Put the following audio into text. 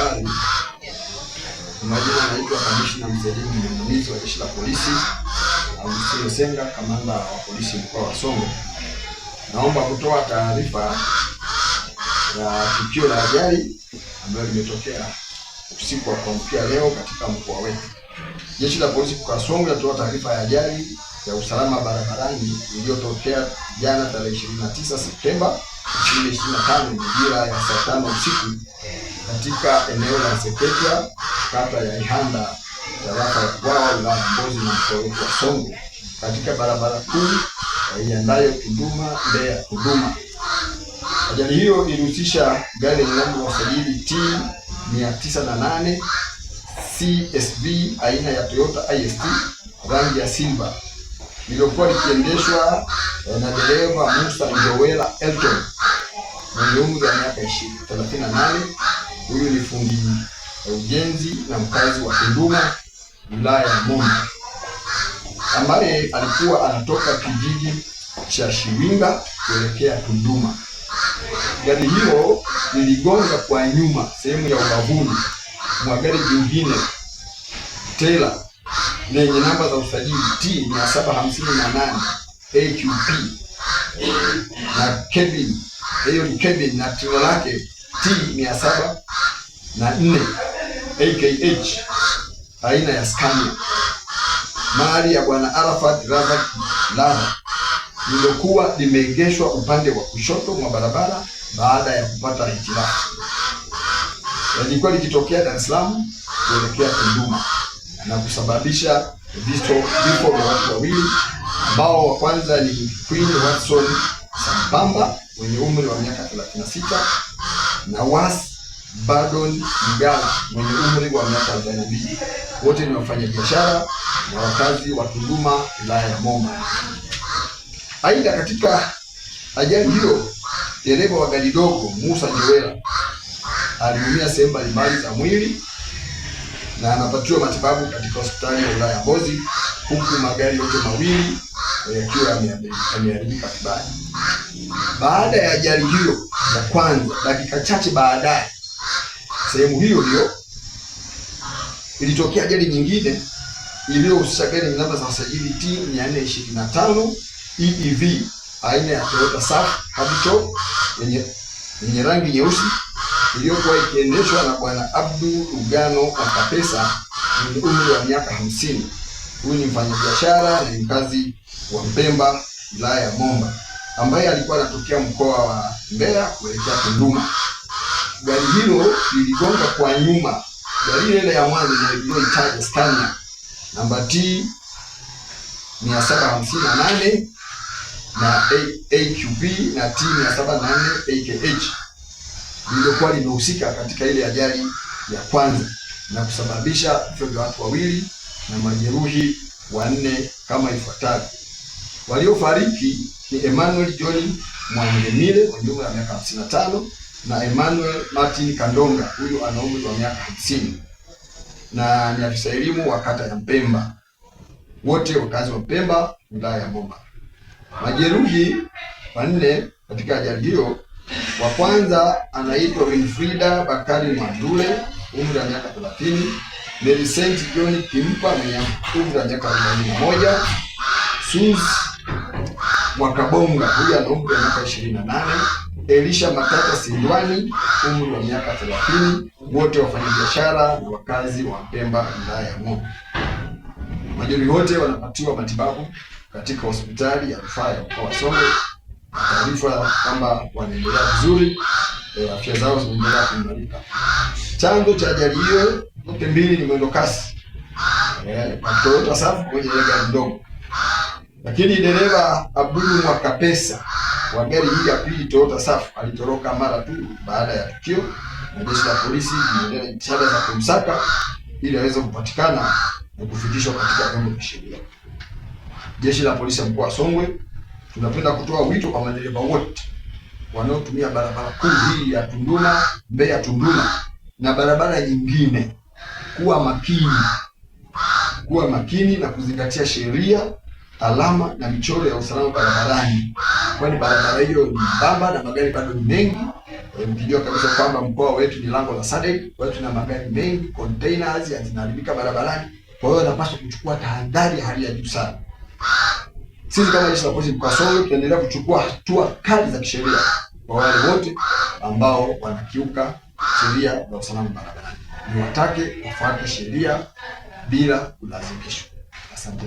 Bakari, majina anaitwa Kamishna Msaidizi Mwandamizi wa Jeshi la Polisi Augustino Senga, kamanda wa polisi mkoa wa Songwe, naomba kutoa taarifa ya tukio la ajali ambayo limetokea usiku wa kuamkia leo katika mkoa wetu. Jeshi la polisi mkoa wa Songwe linatoa taarifa ya ajali ya usalama barabarani iliyotokea jana tarehe 29 Septemba 2025 majira ya saa tano usiku katika eneo la Sepetwa, kata ya Ihanda, tarafa ya Bwawa, wilaya Mbozi na mkoa wa Songwe, katika barabara kuu iendayo Tunduma Mbeya Tunduma. Ajali hiyo ilihusisha gari lenye namba ya usajili T 908 CSV aina ya Toyota IST rangi ya Simba iliyokuwa likiendeshwa na dereva Musa Njowela Elton mwenye umri wa miaka 38 fundi wa ujenzi na mkazi wa Tunduma, wilaya ya Momba, ambaye alikuwa anatoka kijiji cha Shiwinga kuelekea Tunduma. Gari hilo liligonga kwa nyuma sehemu ya ubavuni mwa gari jingine tela lenye namba za usajili T 758 AQP na Kevin, hiyo ni Kevin na tilo lake T 7 na nne AKH aina ya Scania mali ya Bwana Arafat Razak Lala lililokuwa limeegeshwa upande wa kushoto mwa barabara baada ya kupata hitilafu. Lilikuwa likitokea Dar es Salaam kuelekea Tunduma na kusababisha vifo vya watu wawili ambao wa kwanza ni Queen Watson Sambamba mwenye umri wa miaka 36 na wasi Badon Mgala mwenye umri wa miaka arobaini. Wote ni wafanyabiashara na wakazi wa Tunduma, wilaya ya Momba. Aidha, katika ajali hiyo dereva wa gari dogo Musa Jewela aliumia sehemu mbalimbali za mwili na anapatiwa matibabu katika hospitali ya wilaya ya Mbozi, huku magari yote mawili eh, yakiwa yameharibika vibaya. Baada ya ajali hiyo ya kwanza, dakika chache baadaye sehemu hiyo hiyo ilitokea ajali nyingine iliyohusisha gari namba za usajili T 425 EEV aina ya Toyota Surf Habito yenye yenye rangi nyeusi iliyokuwa ikiendeshwa na bwana Abdu Lugano akapesa mwenye umri wa miaka hamsini. Huyu ni mfanyabiashara na mkazi wa Mpemba wilaya ya Momba ambaye alikuwa anatokea mkoa wa Mbeya kuelekea Tunduma gari hilo liligonga kwa nyuma, gari ile ya mwanzo iliyoitaja Scania namba T 758 na AQB na T 784 AKH lililokuwa limehusika katika ile ajali ya kwanza na kusababisha vifo vya watu wawili na majeruhi wanne kama ifuatavyo. Waliofariki ni Emmanuel John Mwangemile mwenye umri wa miaka 55 na Emmanuel Martin Kandonga, huyu ana umri wa miaka hamsini na ni afisa elimu wa kata ya Mpemba, wote wakazi wa Mpemba, wilaya ya Moba. Majeruhi wanne katika ajali hiyo, wa kwanza anaitwa Winfrida Bakari mandule umri wa miaka 30, Millicent John Kimpa mwenye umri wa miaka 41, Sus Mwakabonga, huyu ana umri wa miaka 28 Elisha Matata Sindwani, umri wa miaka 30, wote wafanyabiashara na wakazi wa Pemba, wilaya ya Mungu. Majeruhi wote wanapatiwa matibabu katika hospitali ya rufaa ya mkoa wa Songwe. Taarifa kwamba wanaendelea vizuri, eh, afya zao zinaendelea kuimarika. Chanzo cha ajali hiyo zote mbili ni mwendo kasi eh, Toyota Safu kwenye gari ndogo, lakini dereva Abdul Mwakapesa wa gari hii ya pili Toyota Surf alitoroka mara tu baada ya tukio, na jeshi la polisi linaendelea jitihada za kumsaka ili aweze kupatikana na kufikishwa katika vyombo vya sheria. Jeshi la polisi mkoa wa Songwe, tunapenda kutoa wito kwa madereva wote wanaotumia barabara kuu hii ya Tunduma, Mbeya Tunduma na barabara nyingine kuwa makini, kuwa makini na kuzingatia sheria, alama na michoro ya usalama barabarani kwani barabara hiyo ni mbamba na magari bado ni mengi. Eh, mkijua kabisa kwamba mkoa wetu ni lango la SADC, kwa hiyo tuna magari mengi, containers zinaharibika barabarani. Kwa hiyo napaswa kuchukua tahadhari hali ya juu sana. Sisi kama jeshi la polisi mkoa Songwe tunaendelea kuchukua hatua kali za kisheria kwa wale wote ambao wanakiuka sheria za usalama barabarani. Ni watake wafuate sheria bila kulazimishwa. Asante.